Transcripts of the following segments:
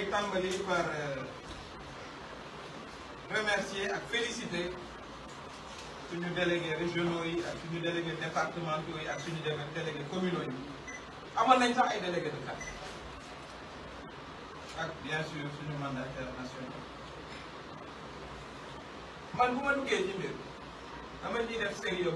Euh, remercier et féliciter nos délégués régionaux et tous départementaux et tous nos délégués communaux de bien sûr sur nos mandataires suis Mon Je suis vais sérieux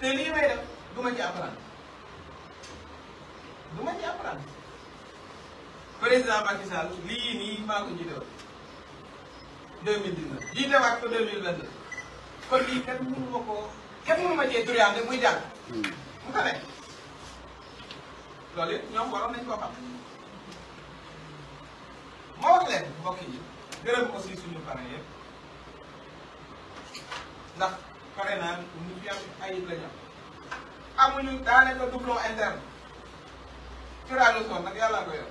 suis de Je apprendre apprendre président Macky Sall li ni ma ko jiite woon 2019 jiite waat ko 2022 kon li kan mu mako kan mu mënu ma cee turiyaan muy dal mu ko nekk lolé ñom waro nañ ko xam mo wax leen mbokk yi gërëm aussi suñu parrain yépp ndax parrainage ñu fi am ay la ñu amuñu daalé ko doublon interne curage au son nag yàlla ko yor.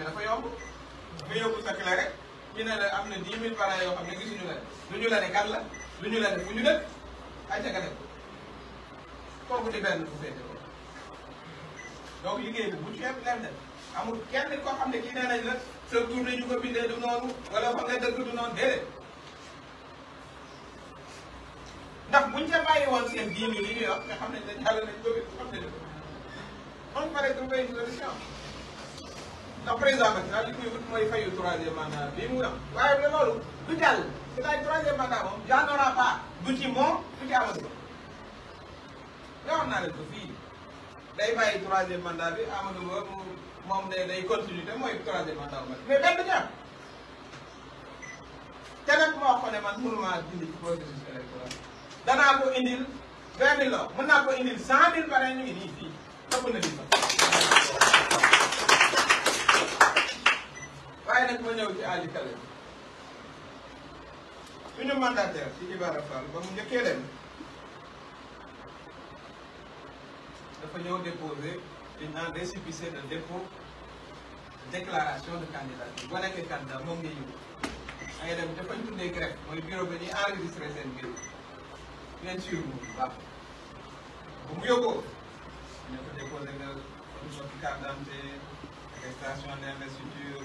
bi dafa yomb nga yóbbu sa clé rek ne la am na 10 000 parents yoo xam ne gisuñu la lu ñu la ne kan la lu ñu la ne fu ñu dëkk ay ca nga def kooku di benn bu féete ko donc liggéey bu ci yëpp leen def amul kenn koo xam ne kii nee nañ la sa tur dañu ko bindee du noonu wala wax nga dëgg du noonu déedéet ndax buñ ca bàyyi woon seen diini li ñuy wax nga xam ne dañ jàll nañ ko bi xam ne on paraît trouver ndax président Macky Sall li muy wut mooy fayu troisième mandat mu am waaye bu loolu du jàll c'est à dire troisième mandat moom y en aura pas du ci moom du ci Amadou Ba waxoon naa leen ko fii day bàyyi troisième mandat bi Amadou Ba moom day day de te mooy troisième mandat bu mais benn ñaar te nag moo ko ne man mënuma dindi ci processus électoral danaa ko indil vingt mille la mën naa ko indil cent mille pare ñu ngi nii fii ëpp na lii sax kaay nag ma ñëw ci Aly Kalé suñu mandataire ci Ibara Fall ba mu njëkkee dem dafa ñëw déposer un récépissé de dépôt déclaration de candidature boo nekkee candidat moom ngay yóbbu da ngay dem dafañ tuddee greffe mooy bureau ba ñuy enregistré seen mbir bien sûr moom bu baax bu mu yóbboo ne ko déposé nga comme sorti carte d'identité attestation d'investiture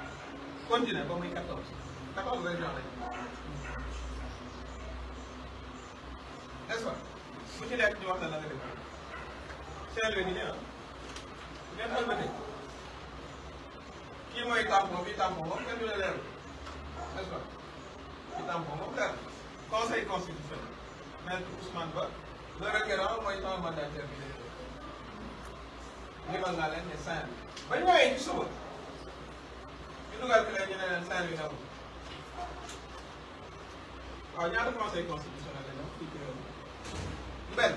Continua, vamos em 14. 14 é já. é só. Bu ci nekk ñu wax que la nga def ele ni ñaa ngeen ëlbati que mooy tampon bi tampon moom kenn du la leer n'est-ce pas ci tampon moom leer conseil constitutionnel maître Ousmane Ba le requérant mooy temps mandataire bi lay doon limal naa leen ne saint ba ñëwee ci suba leen saar wi daw waaw ñaata conseil constitutionnel la ñu wax fii ci réew mi benn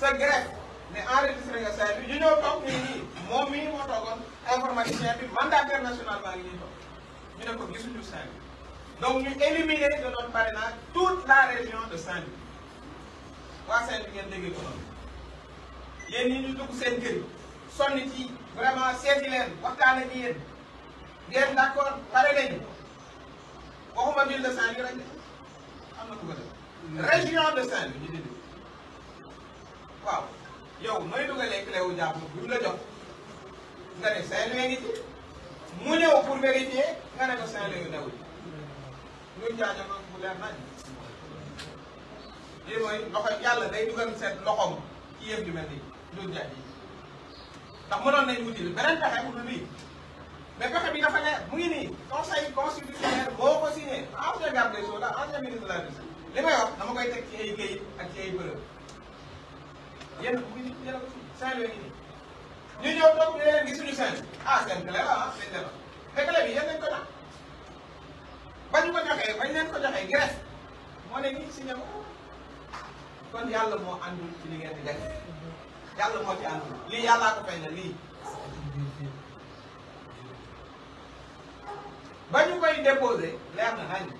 sa greffe ne enregistré ñu ñëw toog nii nii moom mii moo toogoon informaticien bi mandataire national baa ngi ñu ne ko gisuñu saar bi donc ñu éliminer de notre parrainage toute la région de Saint-Louis waa Saint-Louis ngeen déggee ko noonu yéen ñi ñu dugg seen kër yi ngeen d'accord pare nañu waxuma ville de Saint-Louis rek am na ku ko def région de Saint-Louis ñu dindi waaw yow nooy dugalee clé wu jàpp bi mu la jox nga ne Saint-Louis ngi ci mu ñëw pour vérifier nga ne ko Saint-Louis newu ci ñun jaajëf bu leer nañ lii mooy loxo yàlla day dugal seet loxoom ci yëf ju mel nii ñun jaajëf yi ndax mënoon nañu wuti beneen pexe bu dul lii BPK bi dafa ne mu ngi nii conseil constitutionnel boo ko signé ancien garde des sceaux la ancien ministre de la justice li may wax dama koy teg ci ay kayit ak ci ay bërëb yéen mu ngi nii yéen a ko signé Saint-Louis ngi nii ñu ñëw toog ñu leen gisuñu Saint-Louis ah seen clé la ah seen clé la mais clé bi yéen lañ ko jox ba ñu ko joxee ba ñu leen ko joxee Grèce moo ne nii signé ko kon yàlla moo àndul ci li ngeen di def yàlla moo ci àndul lii yàllaa ko fay na lii ba ñu koy déposé leer na nañu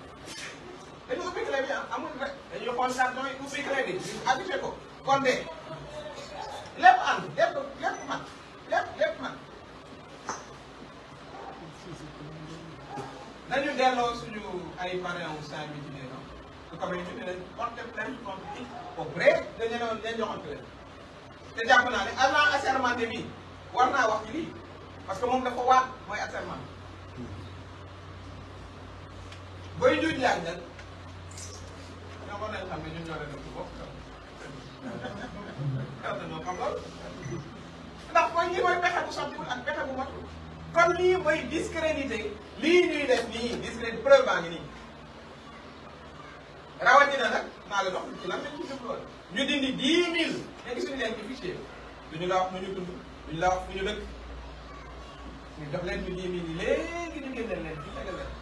dañu ubbi clé bi amul dañuy xool carton yi ubbi clé bi ñu affiché ko kon de lépp ànd lépp lépp mat lépp lépp mat nañu delloo suñu ay parents ou saa yu ci nee noonu su ko defee ñu ne leen porté plainte contre qui au vrai dañu ne dañu joxante leen te jàpp naa ne avant assermenté bi war naa wax ci lii parce que moom dafa waat mooy assermenté. booy juuj laaj nag ñoo ko nañ xam ne ñun ñoo leen di bokk kàddu noo xam lool ndax mooy lii mooy pexe bu sottiwul ak pexe bu matul kon lii mooy discrédité lii ñuy def nii rawatina nag maa la dox ci lan lañ ci jublool ñu dindi dix mille ne la wax nu ñu tudd duñu la wax fu ñu dëkk ñu jox leen ñu dix mille yi léegi ñu génneel leen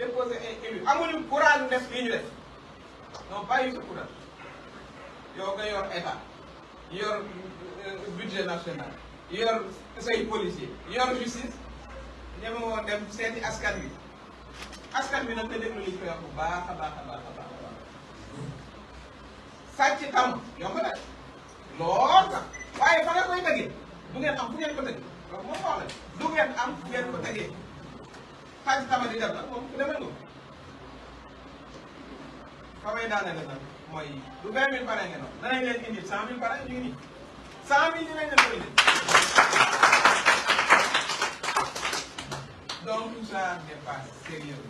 déposer ay élus amuñu courage def lii não def non pas eu ce courage yow o yor état yor eh, budget national yor say policier yor justice ñeme woon dem seeti askan bi askan bi nag nga déglu li ñu koy wax bu baax a baax a baax a baax a baax sàcc tam yomb na lool sax waaye fa nga koy tegee du ngeen am fu ngeen ko tegee loolu moo wax la du ngeen am fu ngeen ko tegee xaaj tamit di def nag moom ku ne mën nga fa may daaneel nag mooy du 20 000 pare ngeen doon danañ leen indi 100 000 pare ñu ngi nii 100 000 ñu ne leen ko indi donc tout ça dépasse sérieux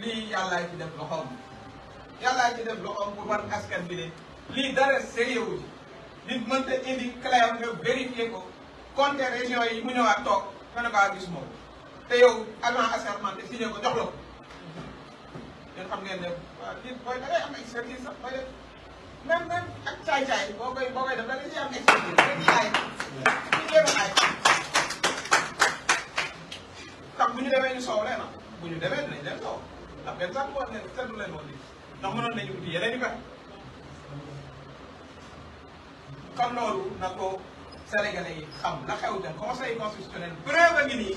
lii yàllaa ci def loxoom yàllaa ci def loxoom pour war askan bi de lii dara sérieux wu ci nit mënta indi clair nga vérifier ko compter régions yi mu ñëwaat toog nga ne ko ah gis moom. te yow agent assermenté signé ko jox la ko yéen xam ngeen ne waaw nit booy da ngay am expertise sax booy def même même ak caay-caay boo koy boo koy def da nga ciy am expertise da nga ciy aay ñu jéem a aay ndax bu ñu demee ñu soow leen ah. bu ñu demee dinañ leen soow ndax benn sax boo leen seetlu leen woon lii ndax mënoon nañu uti yeneen i pexe kon loolu na ko sénégalais yi xam la xew de conseil constitutionnel preuve a ngi nii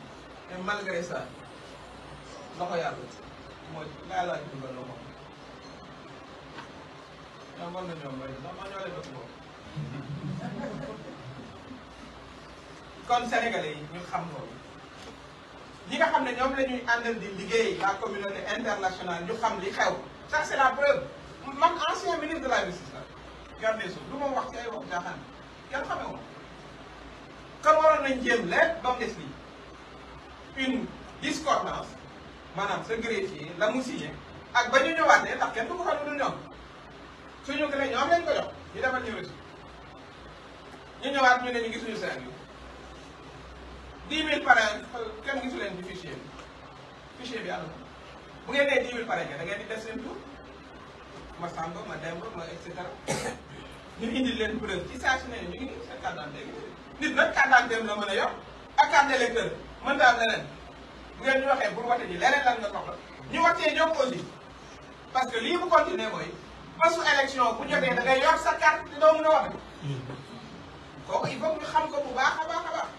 mais malgré ça loxo yàlla moo laa laa ci dugal loxo ñoom war nañoo may ndax man ñoo leen def moom kon sénégalais yi ñu xam loolu ñi nga xam ne ñoom la ñuy àndal di liggéey la communauté internationale ñu xam li xew ça c'est la preuve man ancien ministre de la justice la gardez suuf lu ma wax ci ay wax jaaxaan kenn xamee woon kon waroon nañ jéem lépp ba mu des une discordance maanaam sa greffier la mu signé ak ba ñu ñëwaatee ndax kenn du ko xam ne du ñoom suñu gën a ñoom ko jox ñu defal ñu reçu ñu ñëwaat ñu ne ñu gisuñu seen yu dix mille parrain kenn gisu leen ci fichier bi fichier bi am na bu ngeen nee dix mille nga da ngeen di def seen tur ma Samba ma Demba ma et cetera ñu indil leen preuve ci saa si ne ñu ngi nit nag carte d'identité la mën a yor ak carte mën naa am leneen bu ngeen ñu waxee bu wote ji leneen lan nga soxla ñu watee ñoom aussi parce que lii bu continuer mooy ba su élection bu jotee da ngay yor sa carte te doo mën a wax kooku il faut ñu xam ko bu baax a baax a baax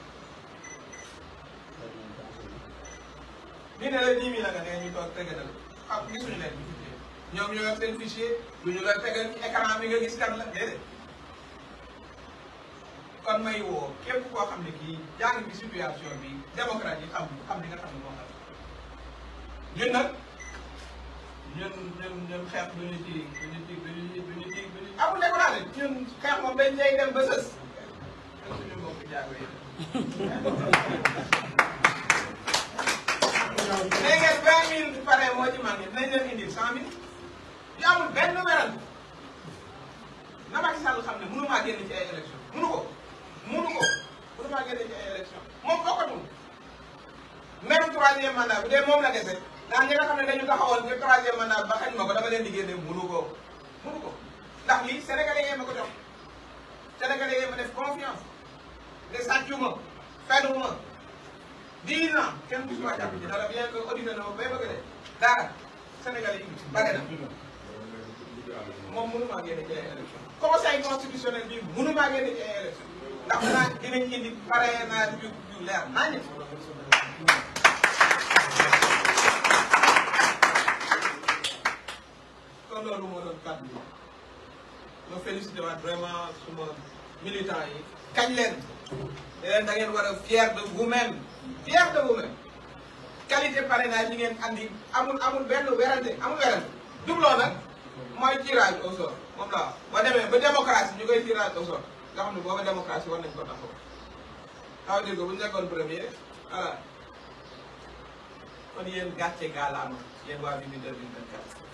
ñu ne la nii mi la nga ne ñu toog tegatal xam ah gisuñu leen ñoom ñoo yor seen fichier du ñu la tegal ci écran bi nga gis kan la déedéet kon may woo képp koo xam ne kii jàng bi situation bi démocratie xam xam li nga xam ne moo xam ñun nag ñun ñun ñun xeex du ñu ci du ñu ci du ñu du ñu ci du ñu amul découragé ñun xeex moom dañ lay dem ba sës ak suñu mbokk jaago yi léegi vingt mille pare moo ci manqué dinañ leen indi cent mille yu amul benn weral na Macky Sall xam ne mënu maa génn ci ay troisième mandat bu dee moom la dese ndax ñi nga xam ne dañu taxawoon ci troisième mandat ba xañ ma ko dama leen liggéey ne munu ko munu ko ndax lii sénégalais yee ma ko jox sénégalais yee ma def confiance ne sàccuma fenuma dix ans kenn du si ma jàpp ci dara bien que audité na ma bay bëgg de dara sénégalais yi bare na moom mënu maa génne ci ay élection conseil constitutionnel bi mënu maa génne ci ay élection ndax naa dinañ indi parrainage yu yu leer naa kon loolu moo doon kàddu yi ma félicité waat vraiment suma militants yi kañ leen ne leen da ngeen war a fier de vous-même fier de vous-même qualité parrainage yi ngeen andi amul amul benn werante amul werante dubloo nag mooy tirage au sort moom laa ba demee ba démocratie ñu koy tirage au sort nga xam ne booba démocratie war nañ ko taxaw taw dégg bu ñu nekkoon premier voilà kon yéen gàcce gaalaama yéen waa bi bi 2024